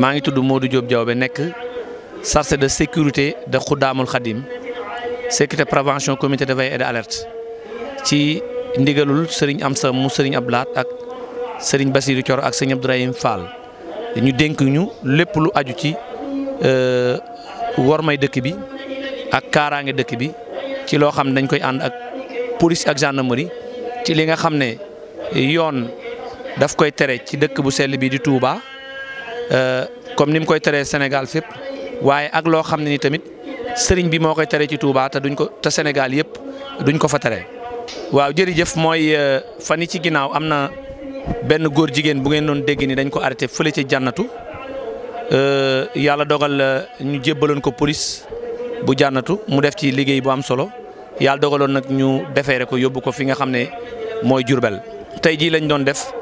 maa ngi tudd Modou Diop Diawbe nekk chargé de sécurité de Khoudamoul Khadim sécurité prévention commité de veille et d'alerte ci ndigalul Serigne Amsa mu Serigne Abdoulaat ak Serigne Bassirou Thioro ak Serigne Abdourahim Fall ñu dénk ñu lépp lu aju ci euh, wormay dëkk bi ak kaaraange dëkk bi ci loo xam ne dañ koy ànd ak police ak gendarmerie ci li nga xam ne yoon daf koy tere ci dëkk bu sell bi di Touba. Euh, comme ni mu koy teree Sénégal fépp waaye ak loo xam ne ni tamit sëriñ bi moo koy teree ci Touba te duñ ko te Sénégal yëpp duñ ko fa teree. waaw jërëjëf mooy euh, fan yi ci ginnaaw am na benn góor jigéen bu ngeen doon dégg ni dañ ko arrêté fële ca jànnatu euh, yàlla dogal euh, ñu jébbaloon ko police bu jànnatu mu def ci liggéey bu am solo yàlla dogaloon nag ñu defeere ko yóbbu ko fi nga xam ne mooy Jurbel tey jii lañ doon def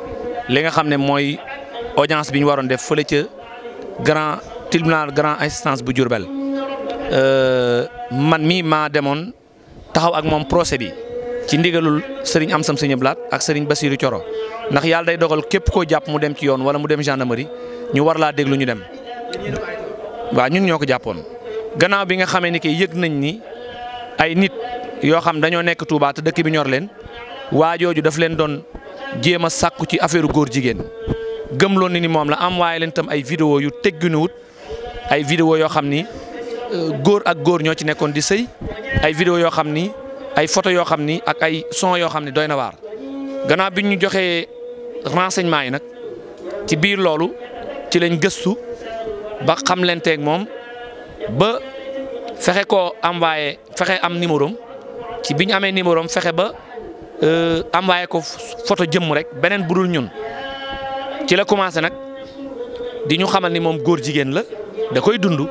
li nga xam ne mooy audience bi ñu waroon def fële ca grand tribunal grand instance bu Diourbel euh, man mii maa demoon taxaw ak moom procès bi ci ndigalul Serigne Amsam Sëñ Blaat ak Serigne Bassirou coro ndax yàlla day dogal képp koo jàpp mu dem ci yoon wala mu dem gendarmerie ñu war laa déglu ñu dem waaw ñun ñoo ko jàppoon. gannaaw bi nga xamee ni que yëg nañ ni ay nit yoo xam dañoo nekk Touba dëkk bi ñor leen waa jooju daf leen doon jéem a sàkku ci affaire góor jigéen. gëmloo ni ni moom la envoyé leen tam ay vidéo yu tegginuwut ay vidéo yoo xam ni euh, góor ak góor ñoo ci nekkoon di sëy ay vidéo yoo xam ni ay photo yoo xam ni ak ay son yoo xam ni doy na waar. gannaaw bi ñu joxee renseignement yi nag ci biir loolu ci lañ gëstu ba xam leen teeg moom ba fexe koo envoyé fexe am numéro ci bi ñu amee numéro fexe ba envoyé euh, ko photo jëmm rek beneen bu dul ñun. ci la commencé nag di ñu xamal ni moom góor jigéen la da koy dund.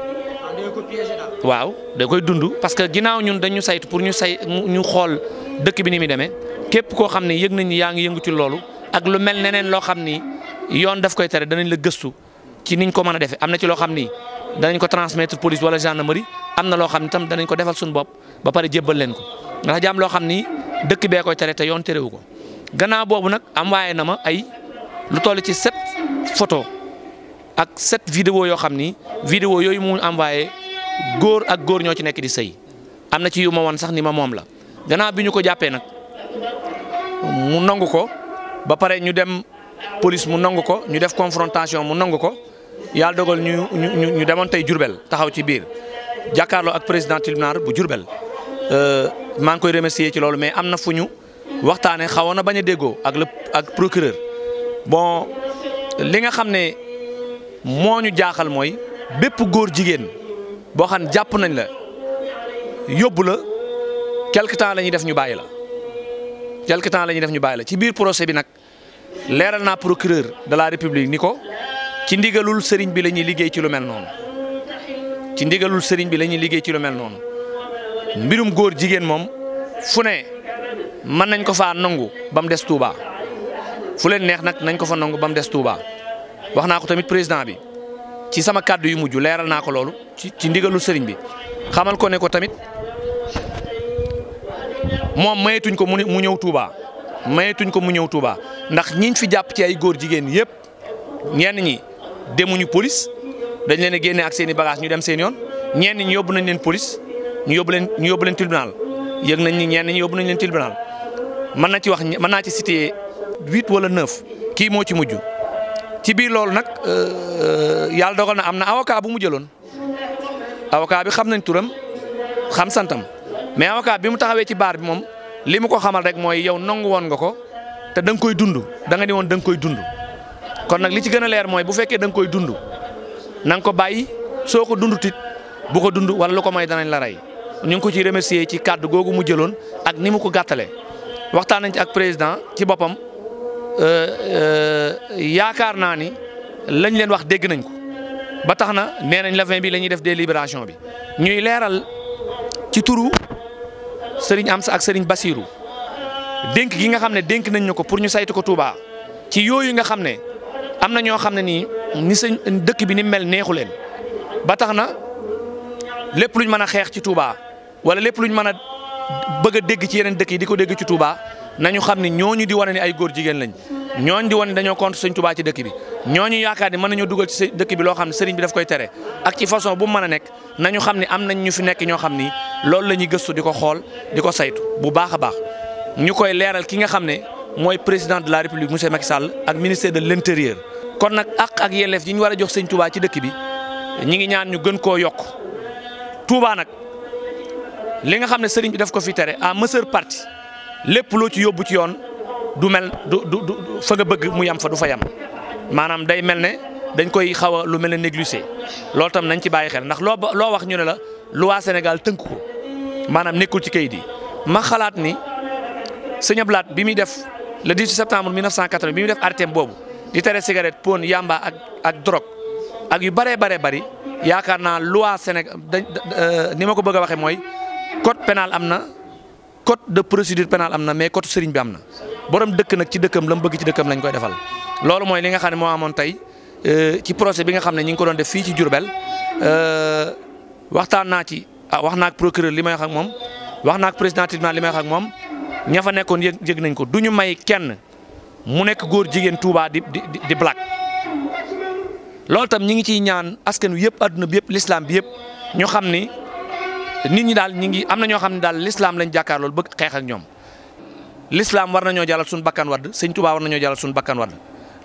waaw da koy dund parce que ginnaaw ñun dañu saytu pour ñu say ñu xool dëkk bi ni muy demee képp koo xam ne yëg nañ yaa ngi yëngu ci loolu ak lu mel neneen loo xam ni yoon daf koy tere danañ la gëstu ci niñ ko mën a defee am na ci loo xam ni danañ ko transmettre police wala gendarmerie am na loo xam ne tam danañ ko defal suñu bopp ba pare jébbal leen ko ndax jaam loo xam ni dëkk bee koy tere te yoon terewu ko lu toll ci sept photo ak set vidéo yoo xam ni vidéo yooyu mu envoyé góor ak góor ñoo ci nekk di sëy am na ci yu ma sax ni ma moom la gannaaw bi ñu ko jàppee nag mu nangu ko ba pare ñu dem police mu nangu ko ñu def confrontation mu nangu ko yàlla dogal ñu ñu ñu demoon tey Jurbel taxaw ci biir jàkkaarloo ak président tribunal bu Jurbel euh, maa ngi koy remercier ci loolu mais am na fu ñu waxtaanee xawoon na bañ a déggoo ak le ak procureur. bon li nga xam ne moo ñu jaaxal mooy bépp góor jigéen boo xam ne jàpp nañ la yóbbu la quelque temps la ñuy def ñu bàyyi la quelque temps la ñuy def ñu bàyyi ci biir procès bi nag leeral naa procureur de la république ni ko ci ndigalul sëriñ bi la ñuy liggéey ci lu mel noonu ci ndigalul bi la liggéey ci noonu mbirum góor jigéen moom fu ne mën nañ ko faa nangu ba mu des Touba. fu leen neex nag nañ ko fa nangu ba mu des Touba wax naa ko tamit président bi ci sama kàddu yu mujj leeral naa ko loolu ci ci ndigalu sëriñ bi xamal ko ne ko tamit moom mayetuñ ko mu mu ñëw Touba mayetuñ ko mu ñëw Touba ndax ñiñ fi jàpp ci ay góor jigéen yëpp ñenn ñi demuñu police dañ leen a génne ak seeni i ñu dem seen yoon ñenn ñi yóbbu nañ leen police ñu yóbbu leen ñu yóbbu leen tribunal yëg nañ ni ñenn ñi yóbbu nañ leen tribunal mën na ci wax mën naa huit wala neuf kii moo ci mujj ci biir loolu nag euh, euh, yàlla dogal na am na avocat bu mu jëloon avocat bi xam nañ turam xam santam mais avocat bi mu taxawee ci baar bi moom li mu ko xamal rek mooy yow nangu woon nga ko te da nga koy dund da nga ni woon da nga koy dund kon nag li ci gën a leer mooy bu fekkee da nga koy dund na nga ko bàyyi soo ko dund tit bu ko dund wala lu ko moy danañ la rey ñu ko ci remercier ci kàddu googu mu jëloon ak ni mu ko gàttalee waxtaan Euh, euh, yaakaar naa ni lañ leen wax dégg nañ ko ba tax na nee nañ la fin bi la ñuy def délibération bi ñuy leeral ci turu sëriñ am sa ak sëriñ Bassirou dénk gi nga xam ne dénk nañ ñu ko pour ñu saytu ko Touba ci yooyu nga xam ne am na ñoo xam ne nii ni sëñ dëkk bi ni mel neexu leen ba tax na lépp luñ mën a xeex ci Touba wala lépp luñ mën a bëgg dégg ci yeneen dëkk yi di ko dégg ci Touba. nañu xam ni ñooñu di wane ni ay góor jigéen lañ ñooñu di wane dañoo contre sëñ Tuubaa ci dëkk bi ñooñu yaakaar ni mën nañoo dugal ci dëkk bi loo xam ne sëriñ bi ak ci façon bu mën a nekk nañu xam ni am nañ ñu fi nekk ñoo xam ni loolu la ñuy gëstu di ko xool di ko saytu bu baax a baax ñu koy leeral ki nga xam ne mooy président la république monsieur Macky Sall ak ministère de l'intérieur. kon nag ak ak yelleef yi ñu war a jox sëñ Tuubaa ci dëkk bi ñi ngi ñaan ñu gën koo yokk Tuubaa nag li nga xam ne sëriñ bi daf ko fi tere à mesure parti lépp loo ci yóbbu ci yoon du mel du du du fa nga bëgg mu yam fa du fa yam maanaam day mel ne dañ koy xaw a lu mel ne négligé loolu tam nañ ci bàyyi xel ndax loo loo wax ñu ne la luwaa Sénégal tënku ko maanaam nekkul ci kayit yi ma xalaat ni sëñ Ablaat bi muy def le 18 septembre 1980 bi muy def arrêté boobu di tere cigarette pon yamba ak ak drogue ak yu bëree baree bëri yaakaar naa loi Sénégal euh, ni ma ko bëgg a waxee mooy code pénal am na. code de procédure pénale am na mais code sëriñ bi am na borom dëkk nag ci dëkkam la mu bëgg ci dëkkam lañ koy defal loolu mooy li nga xam ne moo amoon tey euh, ci procès bi nga xam ne ñu ngi ko doon def fii ci Diourbel euh, waxtaan naa ci ah wax naa ak procureur li may wax ak moom wax naa président tribunal li may ak moom ña fa nekkoon yëg yëg nañ ko du ñu may kenn mu nekk góor jigéen Touba di di di black loolu tam ñi ngi ciy ñaan askan wi yëpp adduna bi yëpp l'islam bi yëpp ñu xam ni nit ñi daal ñi ngi am na ñoo xam ne daal l'islam lañ jàkkaar loolu bëgg xeex ak ñoom lislaam war nañoo jàllal suñu bakkan wadd sëñ Tuubaa war jàllal suñu bakkan wadd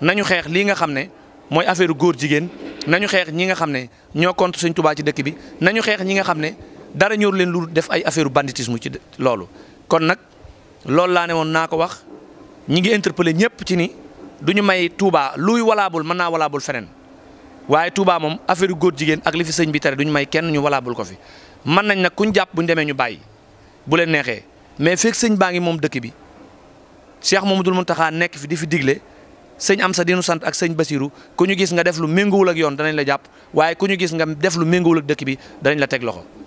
nañu xeex lii nga xam ne mooy affaire góor jigéen nañu xeex ñi nga xam ne ñoo contre sëñ ci dëkk bi nañu xeex ñi nga xam ne dara ñor leen lu def ay affaire banditisme ci loolu kon nag loolu laa ne woon naa ko wax ñi ngi interpellé ñëpp ci ni du ñu may Touba luy walaabul mën naa walaabul feneen waaye Touba moom affaire góor jigéen ak li fi sëñ bi tere du ñu may kenn ñu walaabul ko fi mën nañ nag kuñ jàpp buñ demee ñu bàyyi bu leen neexee mais fekk sëñ baa ngi moom dëkk bi mu Cheikh Mamadou Mountakha nekk fi di fi digle sëñ am Amsa dinu sant ak sëñ Basirou ku ñu gis nga def lu méngoowul ak yoon danañ la jàpp waaye ku ñu gis nga def lu méngoowul ak dëkk bi danañ la teg loxo